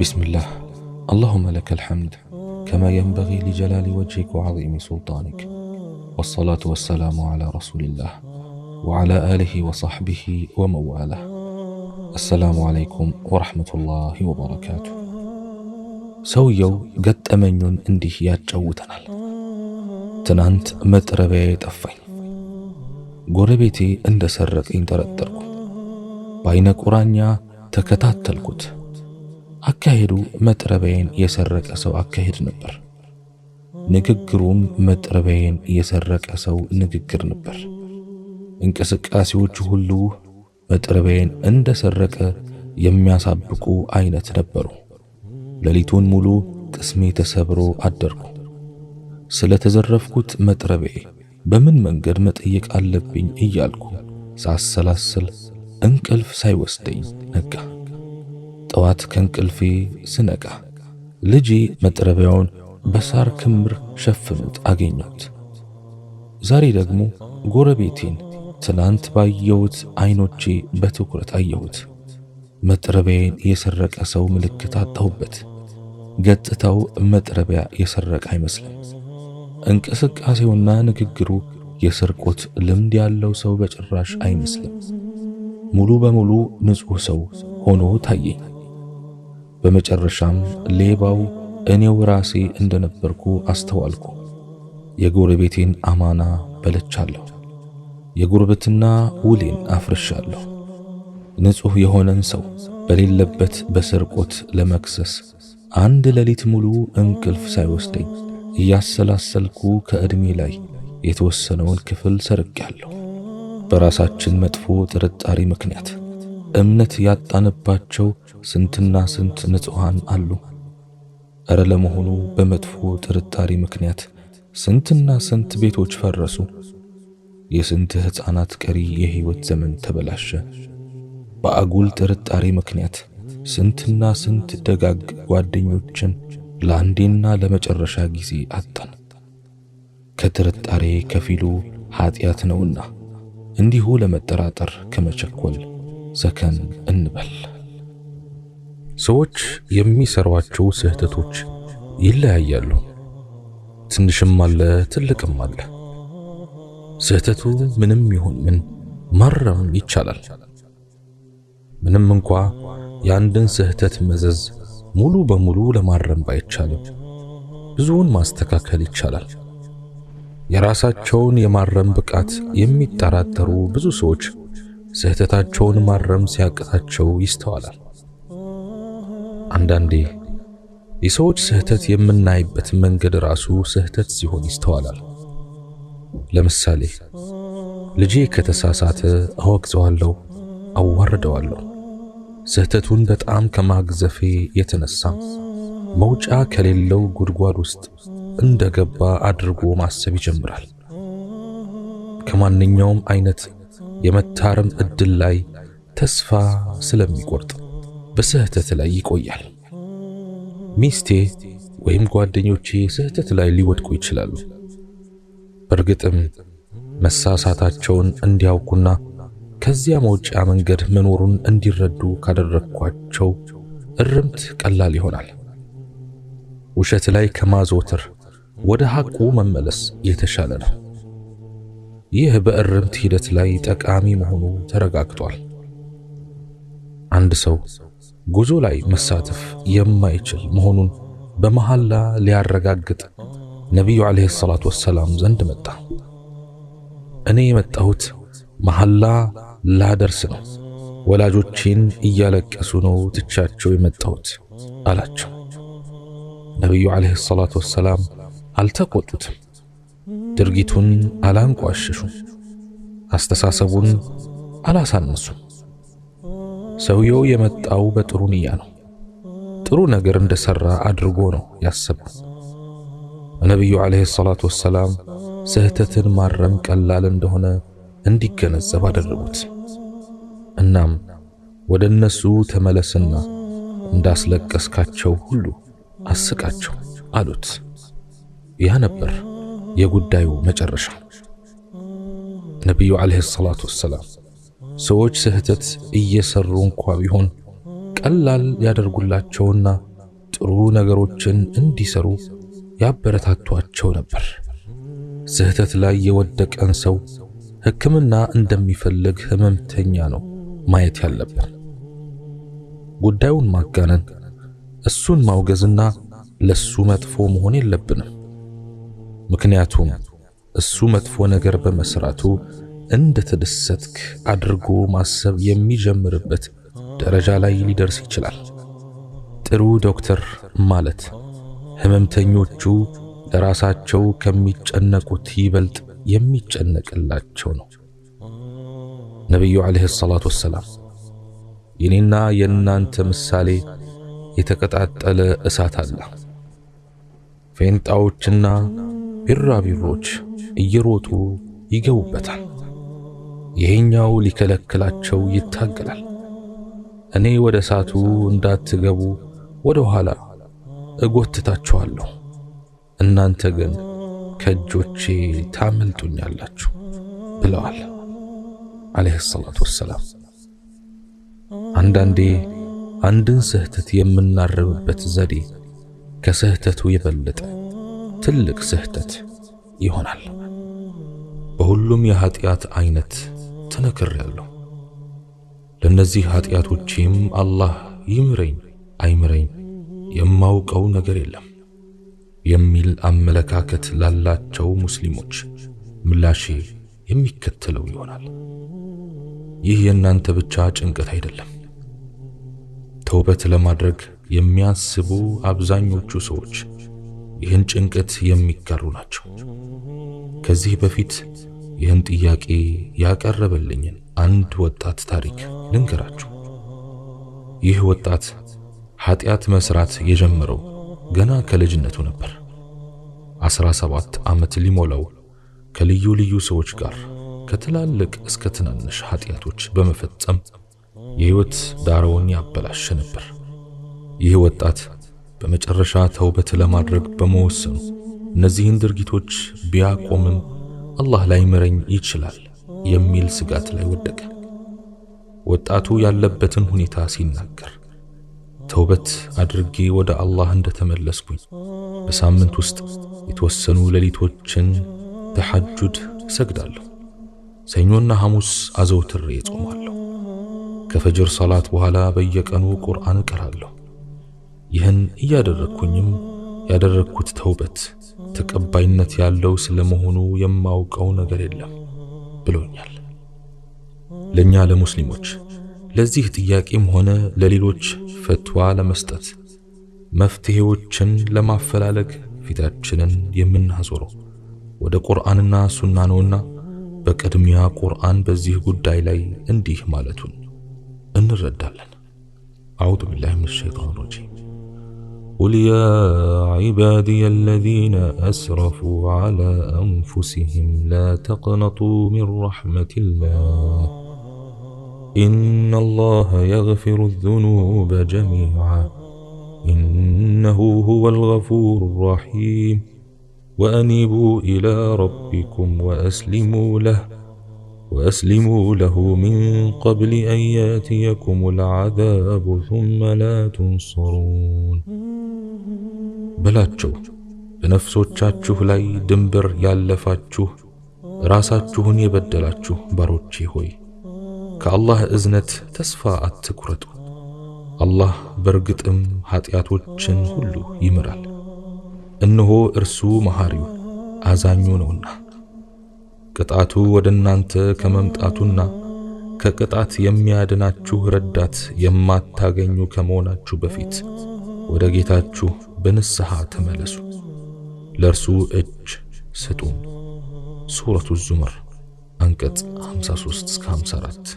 بسم الله اللهم لك الحمد كما ينبغي لجلال وجهك وعظيم سلطانك والصلاة والسلام على رسول الله وعلى آله وصحبه ومن والاه السلام عليكم ورحمة الله وبركاته ሰውየው ገጠመኙን እንዲህ ያጫውተናል። ትናንት መጥረቢያ የጠፋኝ ጎረቤቴ እንደ ሰረቀኝ ጠረጠርኩ። በአይነ ቁራኛ ተከታተልኩት። አካሄዱ መጥረቢያዬን የሰረቀ ሰው አካሄድ ነበር። ንግግሩም መጥረቢያዬን የሰረቀ ሰው ንግግር ነበር። እንቅስቃሴዎቹ ሁሉ መጥረቢያዬን እንደ ሰረቀ የሚያሳብቁ አይነት ነበሩ። ሌሊቱን ሙሉ ቅስሜ ተሰብሮ አደርኩ። ስለ ተዘረፍኩት መጥረቢያዬ በምን መንገድ መጠየቅ አለብኝ እያልኩ ሳሰላስል እንቅልፍ ሳይወስደኝ ነጋ። ጠዋት ከእንቅልፌ ስነቃ ልጄ መጥረቢያውን በሳር ክምር ሸፍኑት አገኘሁት። ዛሬ ደግሞ ጎረቤቴን ትናንት ባየሁት አይኖቼ በትኩረት አየሁት። መጥረቢያዬን የሰረቀ ሰው ምልክት አጣሁበት። ገጽታው መጥረቢያ የሰረቀ አይመስልም። እንቅስቃሴውና ንግግሩ የስርቆት ልምድ ያለው ሰው በጭራሽ አይመስልም። ሙሉ በሙሉ ንጹሕ ሰው ሆኖ ታየኝ። በመጨረሻም ሌባው እኔው ራሴ እንደነበርኩ አስተዋልኩ። የጎረቤቴን አማና በለቻለሁ። የጉርብትና ውሌን አፍርሻለሁ። ንጹሕ የሆነን ሰው በሌለበት በስርቆት ለመክሰስ አንድ ሌሊት ሙሉ እንቅልፍ ሳይወስደኝ እያሰላሰልኩ ከዕድሜ ላይ የተወሰነውን ክፍል ሰርቄያለሁ። በራሳችን መጥፎ ጥርጣሬ ምክንያት እምነት ያጣንባቸው ስንትና ስንት ንጹሐን አሉ። እረ ለመሆኑ በመጥፎ ጥርጣሬ ምክንያት ስንትና ስንት ቤቶች ፈረሱ። የስንት ሕፃናት ቀሪ የሕይወት ዘመን ተበላሸ። በአጉል ጥርጣሬ ምክንያት ስንትና ስንት ደጋግ ጓደኞችን ለአንዴና ለመጨረሻ ጊዜ አጣን። ከጥርጣሬ ከፊሉ ኀጢአት ነውና እንዲሁ ለመጠራጠር ከመቸኮል ዘከን እንበል። ሰዎች የሚሰሯቸው ስህተቶች ይለያያሉ። ትንሽም አለ፣ ትልቅም አለ። ስህተቱ ምንም ይሁን ምን ማረም ይቻላል። ምንም እንኳ የአንድን ስህተት መዘዝ ሙሉ በሙሉ ለማረም ባይቻልም ብዙውን ማስተካከል ይቻላል። የራሳቸውን የማረም ብቃት የሚጠራጠሩ ብዙ ሰዎች ስህተታቸውን ማረም ሲያቅታቸው ይስተዋላል። አንዳንዴ የሰዎች ስህተት የምናይበት መንገድ ራሱ ስህተት ሲሆን ይስተዋላል። ለምሳሌ ልጄ ከተሳሳተ አወግዘዋለሁ፣ አዋርደዋለሁ። ስህተቱን በጣም ከማግዘፌ የተነሳ መውጫ ከሌለው ጉድጓድ ውስጥ እንደገባ አድርጎ ማሰብ ይጀምራል። ከማንኛውም አይነት የመታረም እድል ላይ ተስፋ ስለሚቆርጥ በስህተት ላይ ይቆያል። ሚስቴ ወይም ጓደኞቼ ስህተት ላይ ሊወድቁ ይችላሉ። በእርግጥም መሳሳታቸውን እንዲያውቁና ከዚያ መውጫ መንገድ መኖሩን እንዲረዱ ካደረግኳቸው እርምት ቀላል ይሆናል። ውሸት ላይ ከማዘውትር ወደ ሐቁ መመለስ የተሻለ ነው። ይህ በእርምት ሂደት ላይ ጠቃሚ መሆኑ ተረጋግጧል። አንድ ሰው ጉዞ ላይ መሳተፍ የማይችል መሆኑን በመሐላ ሊያረጋግጥ ነቢዩ ዓለይሂ ሰላቱ ወሰላም ዘንድ መጣ። እኔ የመጣሁት መሐላ ላደርስ ነው፣ ወላጆቼን እያለቀሱ ነው ትቻቸው የመጣሁት አላቸው። ነቢዩ ዓለይሂ ሰላቱ ወሰላም አልተቆጡትም፣ ድርጊቱን አላንቋሸሹም፣ አስተሳሰቡን አላሳነሱም። ሰውየው የመጣው በጥሩ ንያ ነው። ጥሩ ነገር እንደሰራ አድርጎ ነው ያሰበው። ነቢዩ ዓለይሂ ሰላቱ ወሰላም ስህተትን ማረም ቀላል እንደሆነ እንዲገነዘብ አደረጉት። እናም ወደ እነሱ ተመለስና እንዳስለቀስካቸው ሁሉ አስቃቸው አሉት። ያ ነበር የጉዳዩ መጨረሻ። ነቢዩ ዓለይሂ ሰላቱ ወሰላም ሰዎች ስህተት እየሰሩ እንኳ ቢሆን ቀላል ያደርጉላቸውና ጥሩ ነገሮችን እንዲሰሩ ያበረታቷቸው ነበር። ስህተት ላይ የወደቀን ሰው ሕክምና እንደሚፈልግ ህመምተኛ ነው ማየት ያለብን። ጉዳዩን ማጋነን፣ እሱን ማውገዝና ለሱ መጥፎ መሆን የለብንም። ምክንያቱም እሱ መጥፎ ነገር በመስራቱ እንደ ተደሰትክ አድርጎ ማሰብ የሚጀምርበት ደረጃ ላይ ሊደርስ ይችላል። ጥሩ ዶክተር ማለት ህመምተኞቹ ለራሳቸው ከሚጨነቁት ይበልጥ የሚጨነቅላቸው ነው። ነቢዩ ዓለይሂ ሰላቱ ወሰላም የኔና የእናንተ ምሳሌ የተቀጣጠለ እሳት አለ። ፌንጣዎችና ቢራቢሮች እየሮጡ ይገቡበታል። ይሄኛው ሊከለክላቸው ይታገላል። እኔ ወደ እሳቱ እንዳትገቡ ወደ ኋላ እጎትታችኋለሁ፣ እናንተ ግን ከእጆቼ ታመልጡኛላችሁ ብለዋል አለይሂ ሰላቱ ወሰላም። አንዳንዴ አንድን ስህተት የምናርምበት ዘዴ ከስህተቱ የበለጠ ትልቅ ስህተት ይሆናል። በሁሉም የኀጢአት ዐይነት ተነክሬያለሁ። ለእነዚህ ኀጢአቶቼም አላህ ይምረኝ አይምረኝ የማውቀው ነገር የለም የሚል አመለካከት ላላቸው ሙስሊሞች ምላሼ የሚከተለው ይሆናል። ይህ የእናንተ ብቻ ጭንቀት አይደለም። ተውበት ለማድረግ የሚያስቡ አብዛኞቹ ሰዎች ይህን ጭንቀት የሚጋሩ ናቸው። ከዚህ በፊት ይህን ጥያቄ ያቀረበልኝን አንድ ወጣት ታሪክ ልንገራችሁ። ይህ ወጣት ኃጢአት መስራት የጀመረው ገና ከልጅነቱ ነበር። አስራ ሰባት ዓመት ሊሞላው ከልዩ ልዩ ሰዎች ጋር ከትላልቅ እስከ ትናንሽ ኃጢአቶች በመፈጸም የህይወት ዳራውን ያበላሸ ነበር። ይህ ወጣት በመጨረሻ ተውበት ለማድረግ በመወሰኑ እነዚህን ድርጊቶች ቢያቆምም አላህ ላይምረኝ ይችላል የሚል ስጋት ላይ ወደቀ። ወጣቱ ያለበትን ሁኔታ ሲናገር ተውበት አድርጌ ወደ አላህ እንደተመለስኩኝ በሳምንት ውስጥ የተወሰኑ ሌሊቶችን ተሐጁድ እሰግዳለሁ፣ ሰኞና ሐሙስ አዘውትሬ እጾማለሁ፣ ከፈጅር ሰላት በኋላ በየቀኑ ቁርአን እቀራለሁ ይህን እያደረግኩኝም ያደረግኩት ተውበት ተቀባይነት ያለው ስለመሆኑ የማውቀው ነገር የለም ብሎኛል። ለኛ ለሙስሊሞች ለዚህ ጥያቄም ሆነ ለሌሎች ፈትዋ ለመስጠት መፍትሄዎችን ለማፈላለግ ፊታችንን የምናዞረው ወደ ቁርአንና ሱና ነውና በቅድሚያ ቁርአን በዚህ ጉዳይ ላይ እንዲህ ማለቱን እንረዳለን። አዑዙ ቢላሂ ሚነሸይጣኒ ረጂም قل يا عبادي الذين أسرفوا على أنفسهم لا تقنطوا من رحمة الله إن الله يغفر الذنوب جميعا إنه هو الغفور الرحيم وأنيبوا إلى ربكم وأسلموا له وأسلموا له من قبل أن ياتيكم العذاب ثم لا تنصرون በላቸው በነፍሶቻችሁ ላይ ድንበር ያለፋችሁ ራሳችሁን የበደላችሁ ባሮቼ ሆይ ከአላህ እዝነት ተስፋ አትቁረጡ። አላህ በርግጥም ኀጢአቶችን ሁሉ ይምራል። እነሆ እርሱ መሐሪው አዛኙ ነውና። ቅጣቱ ወደ እናንተ ከመምጣቱና ከቅጣት የሚያድናችሁ ረዳት የማታገኙ ከመሆናችሁ በፊት ወደ ጌታችሁ በንስሐ ተመለሱ፣ ለእርሱ እጅ ስጡም። ሱረቱ ዙመር አንቀጽ 53 እስከ 54።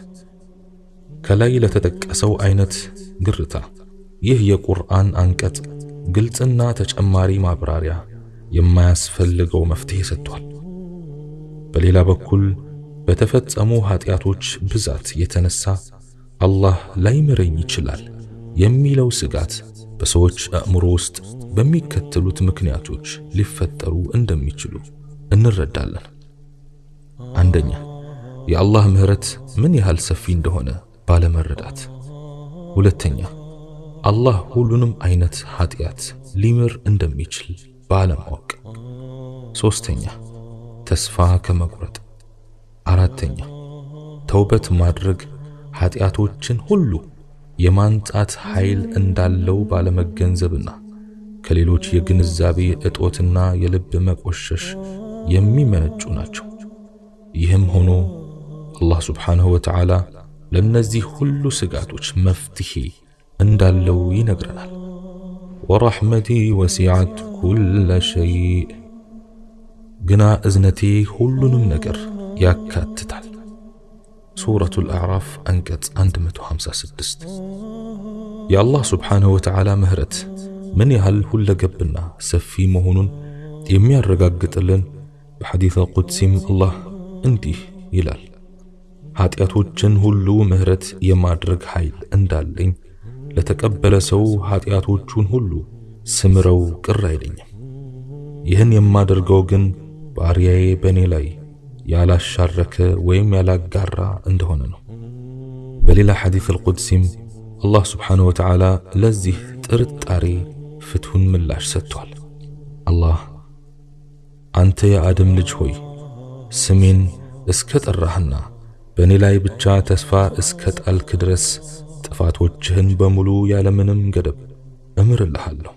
ከላይ ለተጠቀሰው አይነት ግርታ ይህ የቁርአን አንቀጽ ግልጽና ተጨማሪ ማብራሪያ የማያስፈልገው መፍትሄ ሰጥቷል። በሌላ በኩል በተፈጸሙ ኃጢአቶች ብዛት የተነሳ አላህ ላይምረኝ ይችላል የሚለው ስጋት በሰዎች አእምሮ ውስጥ በሚከተሉት ምክንያቶች ሊፈጠሩ እንደሚችሉ እንረዳለን። አንደኛ፣ የአላህ ምህረት ምን ያህል ሰፊ እንደሆነ ባለመረዳት። ሁለተኛ፣ አላህ ሁሉንም አይነት ኃጢአት ሊምር እንደሚችል ባለማወቅ። ሶስተኛ፣ ተስፋ ከመቁረጥ። አራተኛ፣ ተውበት ማድረግ ኃጢአቶችን ሁሉ የማንጻት ኃይል እንዳለው ባለመገንዘብና ከሌሎች የግንዛቤ እጦትና የልብ መቆሸሽ የሚመነጩ ናቸው። ይህም ሆኖ አላህ ሱብሓነሁ ወተዓላ ለእነዚህ ሁሉ ስጋቶች መፍትሄ እንዳለው ይነግረናል። ወረሕመቲ ወሲዐት ኩለ ሸይእ፣ ግና እዝነቴ ሁሉንም ነገር ያካትታል። ሱረቱል አዕራፍ አንቀጽ 156 የአላህ ስብሓንሁ ወተዓላ ምህረት ምን ያህል ሁለገብና ሰፊ መሆኑን የሚያረጋግጥልን በሐዲተ ቁድሲም አላህ እንዲህ ይላል፣ ኀጢአቶችን ሁሉ ምህረት የማድረግ ኃይል እንዳለኝ ለተቀበለ ሰው ኀጢአቶቹን ሁሉ ስምረው ቅር አይለኝም። ይህን የማደርገው ግን ባሪያዬ በእኔ ላይ ያላሻረከ ወይም ያላጋራ እንደሆነ ነው። በሌላ ሐዲስ አልቁድሲም አላህ ስብሓንሁ ወተዓላ ለዚህ ጥርጣሬ ፍትሁን ምላሽ ሰጥቷል። አላህ አንተ የአደም ልጅ ሆይ ስሜን እስከ ጠራህና በእኔ ላይ ብቻ ተስፋ እስከ ጣልክ ድረስ ጥፋቶችህን በሙሉ ያለምንም ገደብ እምርልሃለሁ።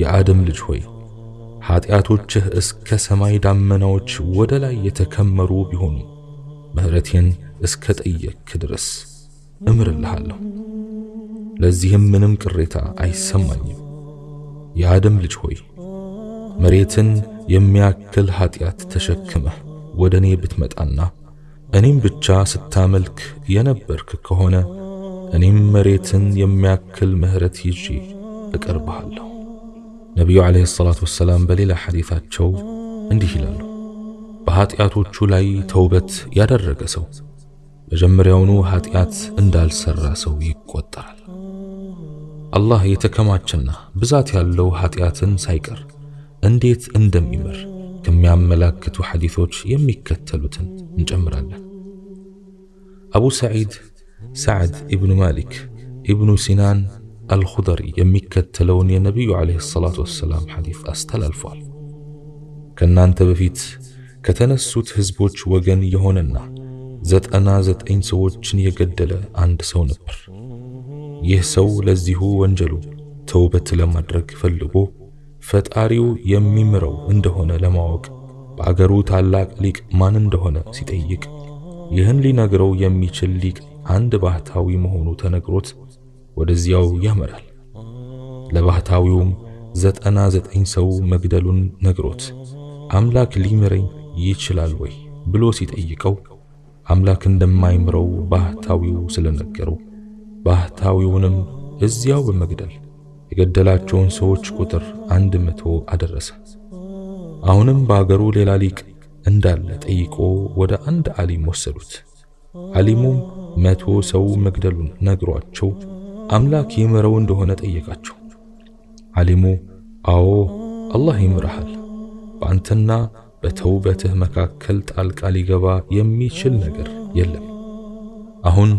የአደም ልጅ ሆይ ኃጢአቶችህ እስከ ሰማይ ዳመናዎች ወደ ላይ የተከመሩ ቢሆኑ ምሕረቴን እስከ ጠየክ ድረስ እምርልሃለሁ። ለዚህም ምንም ቅሬታ አይሰማኝም። የአደም ልጅ ሆይ መሬትን የሚያክል ኃጢአት ተሸክመህ ወደ እኔ ብትመጣና እኔም ብቻ ስታመልክ የነበርክ ከሆነ እኔም መሬትን የሚያክል ምሕረት ይዤ እቀርብሃለሁ። ነቢዩ ዓለይሂ ሰላቱ ወሰላም በሌላ ሐዲታቸው እንዲህ ይላሉ፣ በኀጢአቶቹ ላይ ተውበት ያደረገ ሰው መጀመሪያውኑ ኀጢአት እንዳልሠራ ሰው ይቆጠራል። አላህ የተከማቸና ብዛት ያለው ኀጢአትን ሳይቀር እንዴት እንደሚምር ከሚያመላክቱ ሐዲቶች የሚከተሉትን እንጨምራለን። አቡ ሰዒድ ሳዕድ ኢብኑ ማሊክ ኢብኑ ሲናን አልኹደሪ የሚከተለውን የነቢዩ ዓለይሂ ሰላቱ ወሰላም ሐዲፍ አስተላልፏል። ከእናንተ በፊት ከተነሱት ሕዝቦች ወገን የሆነና ዘጠና ዘጠኝ ሰዎችን የገደለ አንድ ሰው ነበር። ይህ ሰው ለዚሁ ወንጀሉ ተውበት ለማድረግ ፈልጎ ፈጣሪው የሚምረው እንደሆነ ለማወቅ በአገሩ ታላቅ ሊቅ ማን እንደሆነ ሲጠይቅ ይህን ሊነግረው የሚችል ሊቅ አንድ ባህታዊ መሆኑ ተነግሮት ወደዚያው ያመራል። ለባህታዊውም ዘጠና ዘጠኝ ሰው መግደሉን ነግሮት አምላክ ሊምረኝ ይችላል ወይ ብሎ ሲጠይቀው አምላክ እንደማይምረው ባህታዊው ስለነገረው ባህታዊውንም እዚያው በመግደል የገደላቸውን ሰዎች ቁጥር አንድ መቶ አደረሰ። አሁንም በአገሩ ሌላ ሊቅ እንዳለ ጠይቆ ወደ አንድ ዓሊም ወሰዱት። ዓሊሙም መቶ ሰው መግደሉን ነግሯቸው አምላክ ይምረው እንደሆነ ጠየቃቸው። ዓሊሙ አዎ አላህ ይምርሃል፣ በአንተና በተውበትህ መካከል ጣልቃ ሊገባ የሚችል ነገር የለም። አሁን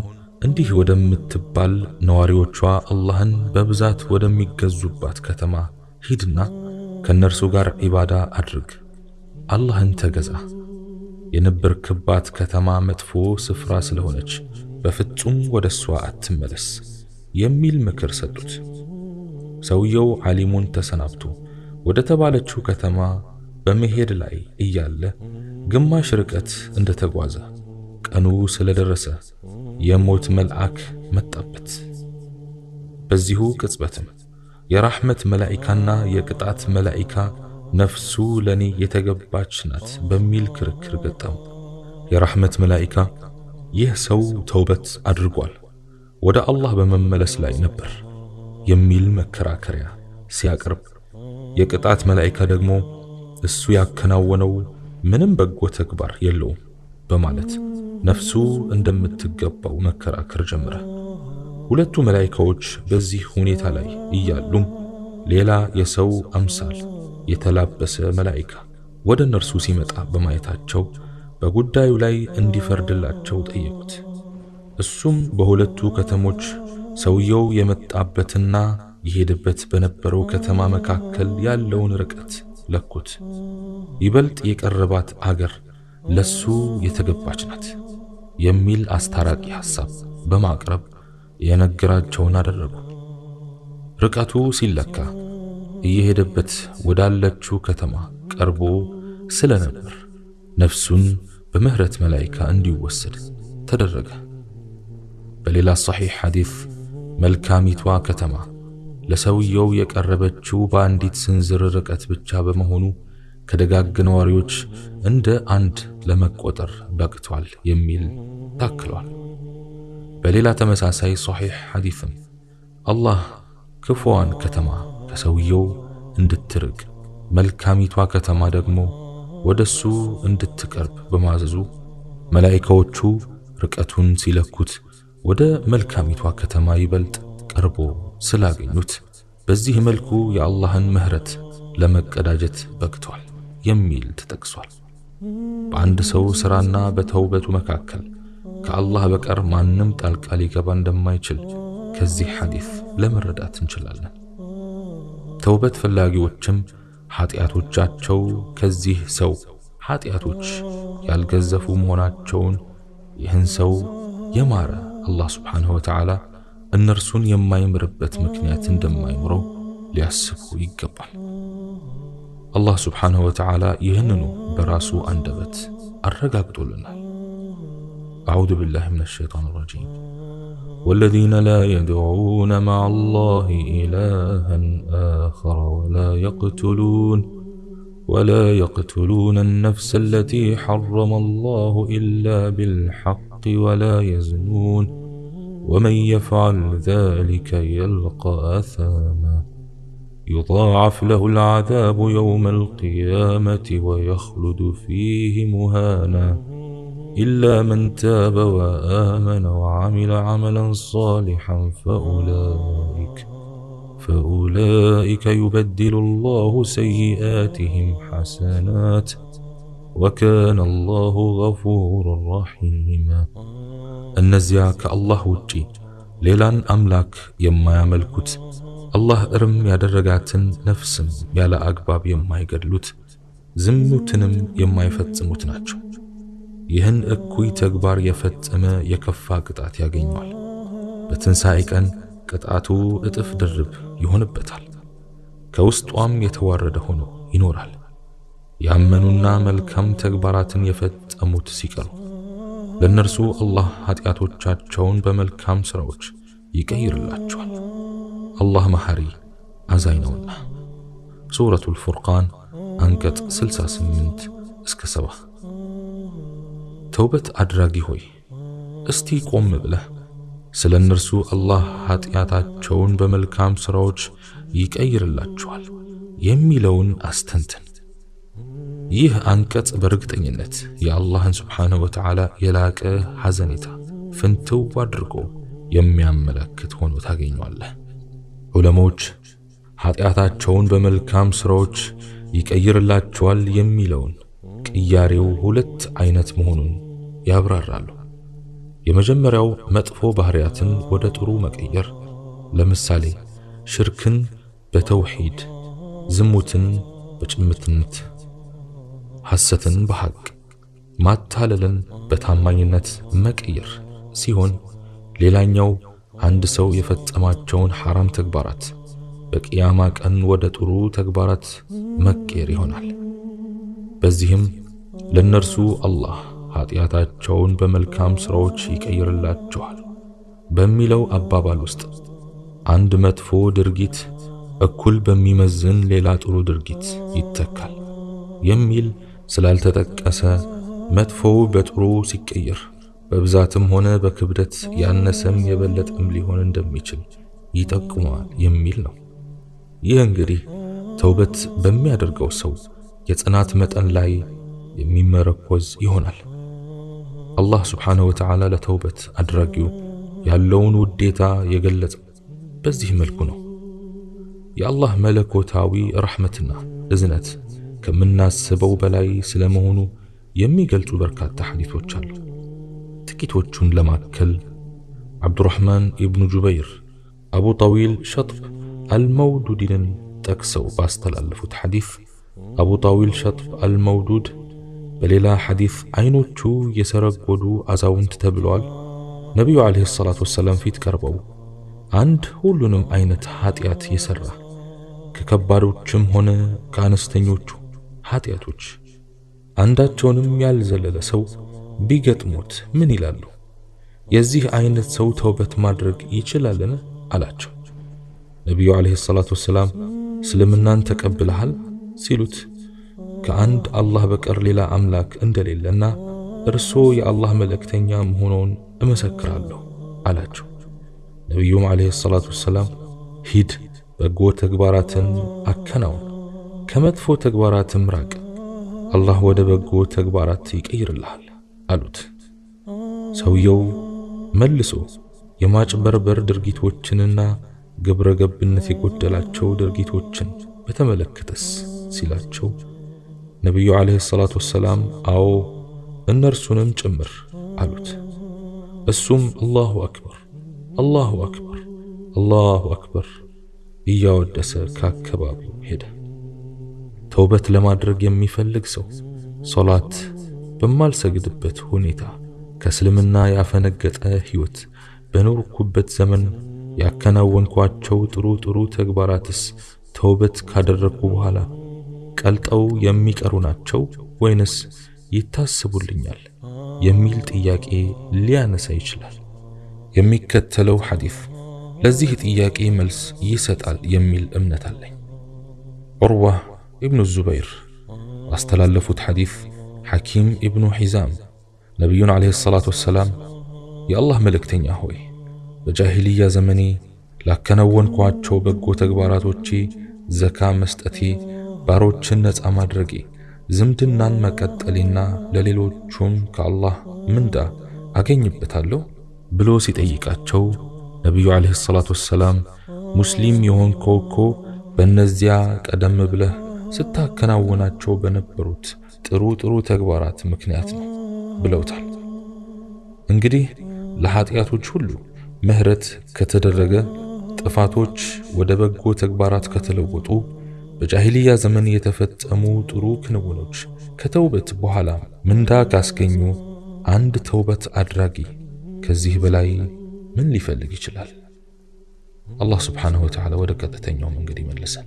እንዲህ ወደምትባል ነዋሪዎቿ አላህን በብዛት ወደሚገዙባት ከተማ ሂድና ከእነርሱ ጋር ዒባዳ አድርግ፣ አላህን ተገዛ። የነበርክባት ከተማ መጥፎ ስፍራ ስለሆነች በፍጹም ወደ እሷ አትመለስ። የሚል ምክር ሰጡት። ሰውየው ዓሊሙን ተሰናብቶ ወደ ተባለችው ከተማ በመሄድ ላይ እያለ ግማሽ ርቀት እንደተጓዘ ቀኑ ስለደረሰ የሞት መልአክ መጣበት። በዚሁ ቅጽበትም የራህመት መላኢካና የቅጣት መላኢካ ነፍሱ ለኔ የተገባች ናት በሚል ክርክር ገጠሙ። የራህመት መላኢካ ይህ ሰው ተውበት አድርጓል ወደ አላህ በመመለስ ላይ ነበር የሚል መከራከሪያ ሲያቀርብ የቅጣት መላእክት ደግሞ እሱ ያከናወነው ምንም በጎ ተግባር የለውም በማለት ነፍሱ እንደምትገባው መከራከር ጀመረ። ሁለቱ መላይካዎች በዚህ ሁኔታ ላይ እያሉም ሌላ የሰው አምሳል የተላበሰ መላይካ ወደ እነርሱ ሲመጣ በማየታቸው በጉዳዩ ላይ እንዲፈርድላቸው ጠየቁት። እሱም በሁለቱ ከተሞች ሰውየው የመጣበትና የሄደበት በነበረው ከተማ መካከል ያለውን ርቀት ለኩት። ይበልጥ የቀረባት አገር ለሱ የተገባች ናት የሚል አስታራቂ ሐሳብ በማቅረብ የነገራቸውን አደረጉ። ርቀቱ ሲለካ እየሄደበት ወዳለችው ከተማ ቀርቦ ስለነበር ነፍሱን በመህረት መላይካ እንዲወሰድ ተደረገ። በሌላ ሰሒሕ ሐዲፍ መልካሚቷ ከተማ ለሰውየው የቀረበችው በአንዲት ስንዝር ርቀት ብቻ በመሆኑ ከደጋግ ነዋሪዎች እንደ አንድ ለመቆጠር በቅቷል የሚል ታክሏል። በሌላ ተመሳሳይ ሶሒሕ ሐዲፍም አላህ ክፉዋን ከተማ ከሰውየው እንድትርቅ መልካሚቷ ከተማ ደግሞ ወደሱ እንድትቀርብ በማዘዙ መላኢካዎቹ ርቀቱን ሲለኩት ወደ መልካሚቷ ከተማ ይበልጥ ቀርቦ ስላገኙት በዚህ መልኩ የአላህን ምህረት ለመቀዳጀት በቅቷል የሚል ተጠቅሷል። በአንድ ሰው ሥራና በተውበቱ መካከል ከአላህ በቀር ማንም ጣልቃ ሊገባ እንደማይችል ከዚህ ሐዲፍ ለመረዳት እንችላለን። ተውበት ፈላጊዎችም ኀጢአቶቻቸው ከዚህ ሰው ኀጢአቶች ያልገዘፉ መሆናቸውን ይህን ሰው የማረ አላህ يما يمربت مكنيات دم يمرو እንደማይኖረው ሊያስቡ الله سبحانه وتعالى ወተዓላ براسو أندبت الرقاق አረጋግጦልናል። أعوذ بالله من الشيطان الرجيم والذين لا يدعون مع الله إلها آخر ولا يقتلون ولا يقتلون النفس التي حرم الله إلا بالحق الحق ولا يزنون ومن يفعل ذلك يلقى أثاما يضاعف له العذاب يوم القيامة ويخلد فيه مهانا إلا من تاب وآمن وعمل عملا صالحا فأولئك فأولئك يبدل الله سيئاتهم حسنات ۖ ወከነ አላሁ ገፉሩን ረሒማ። እነዚያ ከአላህ ውጪ ሌላን አምላክ የማያመልኩት አላህ እርም ያደረጋትን ነፍስም ያለ አግባብ የማይገድሉት ዝሙትንም የማይፈጽሙት ናቸው። ይህን እኩይ ተግባር የፈጸመ የከፋ ቅጣት ያገኘዋል። በትንሣኤ ቀን ቅጣቱ እጥፍ ድርብ ይሆንበታል። ከውስጧም የተዋረደ ሆኖ ይኖራል። ያመኑና መልካም ተግባራትን የፈጸሙት ሲቀሩ ለእነርሱ አላህ ኃጢአቶቻቸውን በመልካም ሥራዎች ይቀይርላቸዋል። አላህ መሐሪ አዛኝ ነውና። ሱረቱል ፉርቃን አንቀጽ 68 እስከ 70። ተውበት አድራጊ ሆይ እስቲ ቆም ብለህ ስለ እነርሱ አላህ ኃጢአታቸውን በመልካም ሥራዎች ይቀይርላቸዋል የሚለውን አስተንትን። ይህ አንቀጽ በእርግጠኝነት የአላህን ስብሓነሁ ወተዓላ የላቀ ሐዘኔታ ፍንትው አድርጎ የሚያመለክት ሆኖ ታገኘዋለህ። ዑለሞች ኀጢአታቸውን በመልካም ሥራዎች ይቀይርላቸዋል የሚለውን ቅያሬው ሁለት አይነት መሆኑን ያብራራሉ። የመጀመሪያው መጥፎ ባህሪያትን ወደ ጥሩ መቀየር፣ ለምሳሌ ሽርክን በተውሂድ ዝሙትን በጭምትነት ሐሰትን በሐቅ ማታለልን በታማኝነት መቀየር ሲሆን ሌላኛው አንድ ሰው የፈጸማቸውን ሐራም ተግባራት በቅያማ ቀን ወደ ጥሩ ተግባራት መቀየር ይሆናል። በዚህም ለነርሱ አላህ ኃጢአታቸውን በመልካም ሥራዎች ይቀይርላቸዋል በሚለው አባባል ውስጥ አንድ መጥፎ ድርጊት እኩል በሚመዝን ሌላ ጥሩ ድርጊት ይተካል የሚል ስላልተጠቀሰ መጥፎው በጥሩ ሲቀየር በብዛትም ሆነ በክብደት ያነሰም የበለጠም ሊሆን እንደሚችል ይጠቁማል የሚል ነው። ይህ እንግዲህ ተውበት በሚያደርገው ሰው የጽናት መጠን ላይ የሚመረኮዝ ይሆናል። አላህ ስብሓነሁ ወተዓላ ለተውበት አድራጊው ያለውን ውዴታ የገለጸው በዚህ መልኩ ነው። የአላህ መለኮታዊ ረሕመትና እዝነት ከምናስበው በላይ ስለመሆኑ የሚገልጹ በርካታ ሐዲሶች አሉ። ጥቂቶቹን ለማከል አብዱራህማን ኢብኑ ጁበይር አቡ ጠዊል ሸጥብ አልመውዱድንን ጠቅሰው ባስተላለፉት ሐዲስ አቡ ጣዊል ሸጥብ አልመውዱድ በሌላ ሐዲስ አይኖቹ የሰረጎዱ አዛውንት ተብለዋል። ነቢዩ ዓለይሂ ሰላቱ ወሰላም ፊት ቀርበው አንድ ሁሉንም አይነት ኃጢአት የሠራ ከከባዶችም ሆነ ከአነስተኞቹ ኃጢአቶች አንዳቸውንም ያልዘለለ ሰው ቢገጥሙት ምን ይላሉ? የዚህ አይነት ሰው ተውበት ማድረግ ይችላልን? አላቸው። ነቢዩ ዓለይሂ ሰላቱ ወሰላም እስልምናን ተቀብለሃል ሲሉት ከአንድ አላህ በቀር ሌላ አምላክ እንደሌለና እርሶ የአላህ መልእክተኛ መሆኑን እመሰክራለሁ አላቸው። ነቢዩም ዓለይሂ ሰላቱ ወሰላም ሂድ፣ በጎ ተግባራትን አከናውን ከመጥፎ ተግባራትም ራቅ፣ አላህ ወደ በጎ ተግባራት ይቀይርልሃል አሉት። ሰውየው መልሶ የማጭበርበር ድርጊቶችንና ግብረ ገብነት የጎደላቸው ድርጊቶችን በተመለከተስ ሲላቸው ነቢዩ ዓለይሂ ሰላቱ ወሰላም አዎ እነርሱንም ጭምር አሉት። እሱም አላሁ አክበር አላሁ አክበር አላሁ አክበር እያወደሰ ከአካባቢው ሄደ። ተውበት ለማድረግ የሚፈልግ ሰው ሶላት በማልሰግድበት ሁኔታ ከእስልምና ያፈነገጠ ሕይወት በኖርኩበት ዘመን ያከናወንኳቸው ጥሩ ጥሩ ተግባራትስ ተውበት ካደረግኩ በኋላ ቀልጠው የሚቀሩ ናቸው ወይንስ ይታሰቡልኛል የሚል ጥያቄ ሊያነሳ ይችላል። የሚከተለው ሐዲስ ለዚህ ጥያቄ መልስ ይሰጣል የሚል እምነት አለኝ። ዑርዋ ابن الزبير استلفت حديث حكيم ابن حزام نبي عليه الصلاة والسلام يا الله ملكتين يا هوي بجاهلية زمني لا اون قوات شو بقو تقبارات وچي زكاة مستأتي بارو چنت أمار رقي زمت النان ما قد ألينا لليلو چون كالله مندا أغين يبتالو بلو سيت أيكا شو نبي عليه الصلاة والسلام مسلم يهون كوكو بنزيا قدم بله ስታከናውናቸው በነበሩት ጥሩ ጥሩ ተግባራት ምክንያት ነው ብለውታል። እንግዲህ ለኃጢአቶች ሁሉ ምህረት ከተደረገ፣ ጥፋቶች ወደ በጎ ተግባራት ከተለወጡ፣ በጃሂልያ ዘመን የተፈጸሙ ጥሩ ክንውኖች ከተውበት በኋላ ምንዳ ካስገኙ አንድ ተውበት አድራጊ ከዚህ በላይ ምን ሊፈልግ ይችላል? አላህ ስብሓንሁ ወተዓላ ወደ ቀጥተኛው መንገድ ይመልሰን።